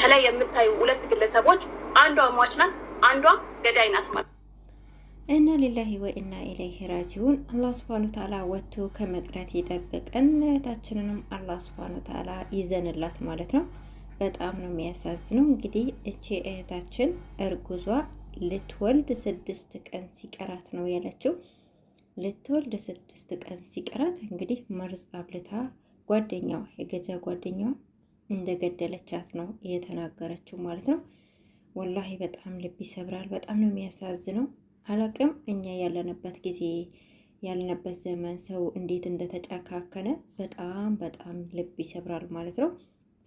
ከላይ የምታዩ ሁለት ግለሰቦች አንዷ ሟች ናት፣ አንዷ ገዳይ ናት ማለት እና ሊላሂ ወኢና ኢለይሂ ራጂዑን። አላህ ስብሃነ ወተዓላ ወጥቶ ከመቅረት ይጠብቀን። እህታችንንም አላህ ስብሃነ ወተዓላ ይዘንላት ማለት ነው። በጣም ነው የሚያሳዝነው። እንግዲህ እቺ እህታችን እርጉዟ ልትወልድ ስድስት ቀን ሲቀራት ነው ያለችው። ልትወልድ ስድስት ቀን ሲቀራት እንግዲህ መርዝ አብልታ ጓደኛዋ የገዛ ጓደኛዋ እንደገደለቻት ነው እየተናገረችው ማለት ነው። ወላሂ በጣም ልብ ይሰብራል። በጣም ነው የሚያሳዝነው። አላቅም እኛ ያለንበት ጊዜ ያለንበት ዘመን ሰው እንዴት እንደተጨካከነ በጣም በጣም ልብ ይሰብራል ማለት ነው።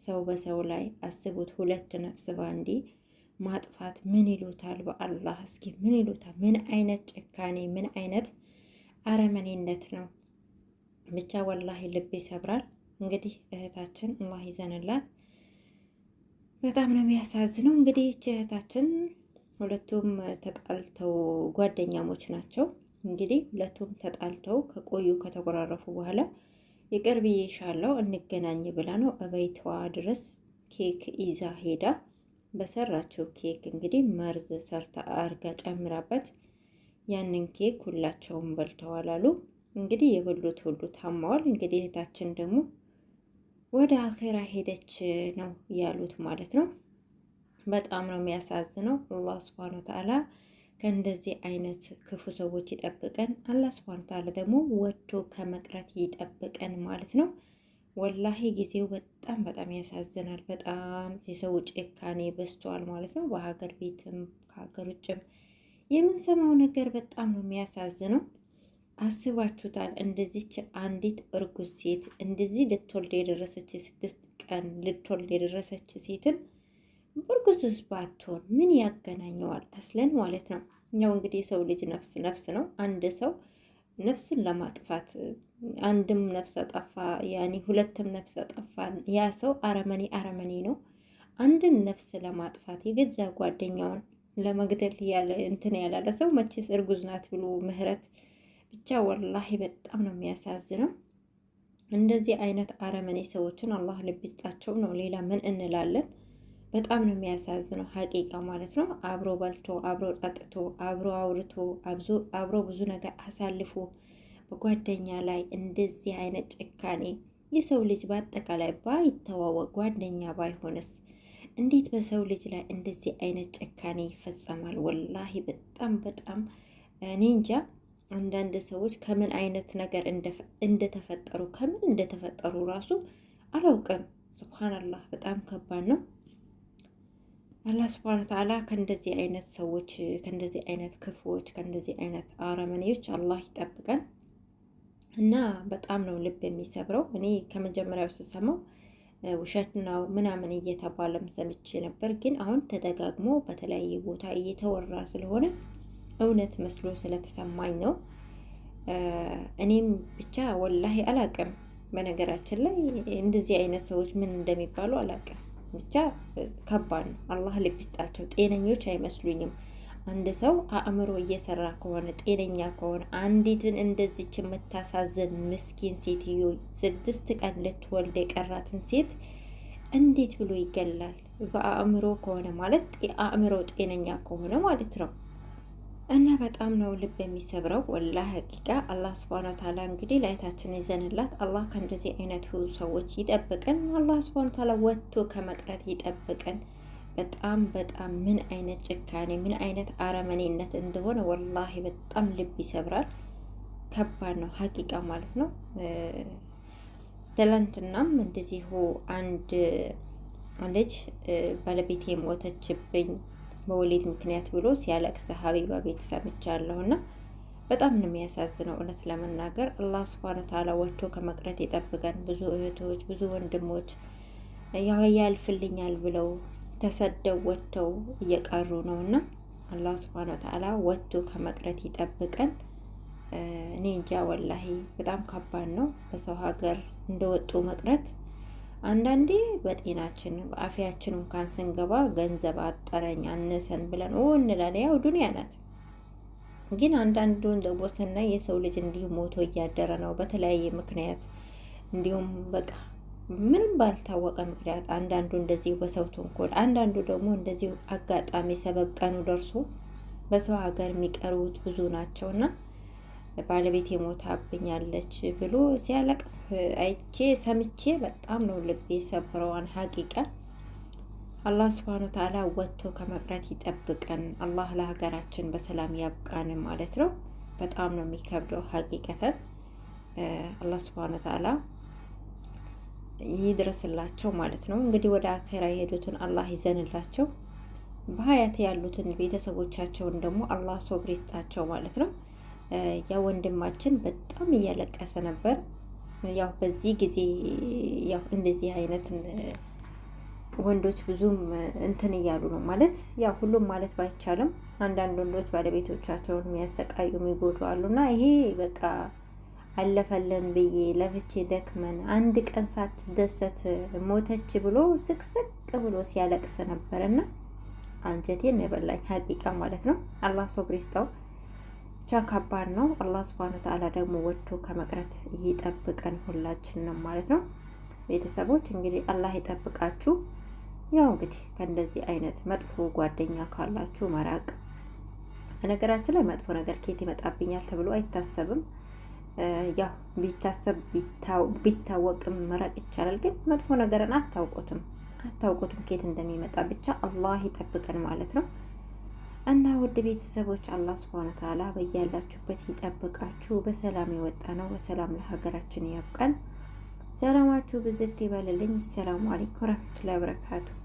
ሰው በሰው ላይ አስቡት፣ ሁለት ነፍስ ባንዴ ማጥፋት ምን ይሉታል? በአላህ እስኪ ምን ይሉታል? ምን አይነት ጭካኔ፣ ምን አይነት አረመኔነት ነው? ብቻ ወላሂ ልብ ይሰብራል። እንግዲህ እህታችን አላህ ይዘንላት። በጣም ነው የሚያሳዝነው። እንግዲህ ይህች እህታችን ሁለቱም ተጣልተው ጓደኛሞች ናቸው። እንግዲህ ሁለቱም ተጣልተው ከቆዩ ከተጎራረፉ በኋላ ይቅር ይሻለው እንገናኝ ብላ ነው እቤቷ ድረስ ኬክ ይዛ ሄዳ በሰራችው ኬክ እንግዲህ መርዝ ሰርታ አርጋ ጨምራበት ያንን ኬክ ሁላቸውም በልተዋል አሉ። እንግዲህ የበሉት ሁሉ ታማዋል። እንግዲህ እህታችን ደግሞ ወደ አኼራ ሄደች ነው ያሉት ማለት ነው። በጣም ነው የሚያሳዝነው። አላህ ስብሃነሁ ተዓላ ከእንደዚህ አይነት ክፉ ሰዎች ይጠብቀን። አላህ ስብሃነሁ ተዓላ ደግሞ ወቶ ከመቅረት ይጠብቀን ማለት ነው። ወላሂ ጊዜው በጣም በጣም ያሳዝናል። በጣም የሰው ጭካኔ በዝቷል ማለት ነው። በሀገር ቤትም ከሀገር ውጭም የምንሰማው ነገር በጣም ነው የሚያሳዝነው። አስባችሁታል? እንደዚች አንዲት እርጉዝ ሴት እንደዚህ ልትወልድ የደረሰች ስድስት ቀን ልትወልድ የደረሰች ሴትን በእርጉዝ ባትሆን ምን ያገናኘዋል? አስለን ማለት ነው። እኛው እንግዲህ የሰው ልጅ ነፍስ ነፍስ ነው። አንድ ሰው ነፍስን ለማጥፋት አንድም ነፍሰ አጠፋ፣ ያኔ ሁለትም ነፍሰ ጠፋ፣ ያ ሰው አረመኔ አረመኔ ነው። አንድን ነፍስ ለማጥፋት የገዛ ጓደኛውን ለመግደል ያለ እንትን ያላለ ሰው መቼስ እርጉዝ ናት ብሎ ምህረት ብቻ ወላሂ በጣም ነው የሚያሳዝነው። እንደዚህ አይነት አረመኔ ሰዎችን አላህ ልብ ይስጣቸው ነው። ሌላ ምን እንላለን? በጣም ነው የሚያሳዝነው ሀቂቃ ማለት ነው። አብሮ በልቶ አብሮ ጠጥቶ አብሮ አውርቶ አብሮ ብዙ ነገር አሳልፎ በጓደኛ ላይ እንደዚህ አይነት ጭካኔ የሰው ልጅ በአጠቃላይ ባይተዋወቅ ጓደኛ ባይሆንስ እንዴት በሰው ልጅ ላይ እንደዚህ አይነት ጭካኔ ይፈጸማል? ወላሂ በጣም በጣም እኔ እንጃ። አንዳንድ ሰዎች ከምን አይነት ነገር እንደተፈጠሩ ከምን እንደተፈጠሩ ራሱ አላውቅም። ስብሓንላህ በጣም ከባድ ነው። አላህ ስብሓን ተዓላ ከእንደዚህ አይነት ሰዎች፣ ከእንደዚህ አይነት ክፉዎች፣ ከእንደዚህ አይነት አረመኔዎች አላህ ይጠብቀን እና በጣም ነው ልብ የሚሰብረው። እኔ ከመጀመሪያው ስሰማው ውሸት ነው ምናምን እየተባለም ሰምቼ ነበር፣ ግን አሁን ተደጋግሞ በተለያየ ቦታ እየተወራ ስለሆነ እውነት መስሎ ስለተሰማኝ ነው። እኔም ብቻ ወላሂ አላቅም። በነገራችን ላይ እንደዚህ አይነት ሰዎች ምን እንደሚባሉ አላቅም። ብቻ ከባድ ነው። አላህ ልብ ይስጣቸው። ጤነኞች አይመስሉኝም። አንድ ሰው አእምሮ እየሰራ ከሆነ ጤነኛ ከሆነ አንዲትን እንደዚች የምታሳዝን ምስኪን ሴትዮ ስድስት ቀን ልትወልድ የቀራትን ሴት እንዴት ብሎ ይገላል? በአእምሮ ከሆነ ማለት አእምሮ ጤነኛ ከሆነ ማለት ነው። እና በጣም ነው ልብ የሚሰብረው። ወላ ሀቂቃ አላህ ስብሃነ ወተዓላ እንግዲህ ላይታችን ይዘንላት። አላህ ከእንደዚህ አይነቱ ሰዎች ይጠብቀን። አላህ ስብሃነ ወተዓላ ወጥቶ ከመቅረት ይጠብቀን። በጣም በጣም ምን አይነት ጭካኔ ምን አይነት አረመኔነት እንደሆነ ወላሂ በጣም ልብ ይሰብራል። ከባድ ነው ሀቂቃ ማለት ነው። ትላንትናም እንደዚሁ አንድ ልጅ ባለቤቴ ሞተችብኝ በወሊድ ምክንያት ብሎ ሲያለቅስ ሀቢባ ቤት ሰምቻለሁ እና በጣም ነው የሚያሳዝነው። እውነት ለመናገር አላህ ስብሃነ ተዓላ ወጥቶ ከመቅረት ይጠብቀን። ብዙ እህቶች፣ ብዙ ወንድሞች ያው ያልፍልኛል ብለው ተሰደው ወጥተው እየቀሩ ነው እና አላህ ስብሃነ ተዓላ ወጥቶ ከመቅረት ይጠብቀን። እኔ እንጃ ወላሂ በጣም ከባድ ነው በሰው ሀገር እንደወጡ መቅረት አንዳንዴ በጤናችን በአፊያችን እንኳን ስንገባ ገንዘብ አጠረኝ አነሰን ብለን ኦ እንላለ። ያው ዱንያ ናት። ግን አንዳንዱን ደግሞ ስናይ የሰው ልጅ እንዲሁ ሞቶ እያደረ ነው በተለያየ ምክንያት እንዲሁም በቃ ምንም ባልታወቀ ምክንያት አንዳንዱ እንደዚህ በሰው ተንኮል፣ አንዳንዱ ደግሞ እንደዚሁ አጋጣሚ ሰበብ ቀኑ ደርሶ በሰው ሀገር የሚቀሩት ብዙ ናቸውና ባለቤት የሞታብኛለች ብሎ ሲያለቅስ አይቼ ሰምቼ በጣም ነው ልቤ ሰብረዋን። ሀቂቃ አላህ ስብሃነ ወተዓላ ወጥቶ ከመቅረት ይጠብቀን። አላህ ለሀገራችን በሰላም ያብቃን ማለት ነው። በጣም ነው የሚከብደው ሀቂቀተን። አላህ ስብሃነ ወተዓላ ይድረስላቸው ማለት ነው። እንግዲህ ወደ አኼራ የሄዱትን አላህ ይዘንላቸው፣ በሀያት ያሉትን ቤተሰቦቻቸውን ደግሞ አላህ ሶብር ይስጣቸው ማለት ነው። ያ ወንድማችን በጣም እያለቀሰ ነበር። ያው በዚህ ጊዜ ያው እንደዚህ አይነት ወንዶች ብዙም እንትን እያሉ ነው ማለት ያው ሁሉም ማለት ባይቻልም አንዳንድ ወንዶች ባለቤቶቻቸውን የሚያሰቃዩ የሚጎዱ አሉና ይሄ በቃ አለፈለን ብዬ ለፍቼ ደክመን አንድ ቀን ሳትደሰት ሞተች ብሎ ስቅስቅ ብሎ ሲያለቅስ ነበር እና አንጀቴን የበላኝ ሀቂቃ ማለት ነው። አላህ ሶብር ይስጠው። ብቻ ከባድ ነው። አላህ ስብሃነ ወተዓላ ደግሞ ወጥቶ ከመቅረት ይጠብቀን ሁላችንም ማለት ነው። ቤተሰቦች እንግዲህ አላህ ይጠብቃችሁ። ያው እንግዲህ ከእንደዚህ አይነት መጥፎ ጓደኛ ካላችሁ መራቅ። በነገራችን ላይ መጥፎ ነገር ኬት ይመጣብኛል ተብሎ አይታሰብም። ያው ቢታሰብ ቢታወቅም መራቅ ይቻላል። ግን መጥፎ ነገርን አታውቁትም አታውቁትም ኬት እንደሚመጣ ብቻ አላህ ይጠብቀን ማለት ነው። እና ውድ ቤተሰቦች አላህ ስብሐነ ወተዓላ በያላችሁበት ይጠብቃችሁ። በሰላም የወጣ ነው በሰላም ለሀገራችን ያብቃን። ሰላማችሁ ብዝት ይበልልኝ። ሰላሙ አለይኩም ወረሕመቱላሂ ወበረካቱሁ።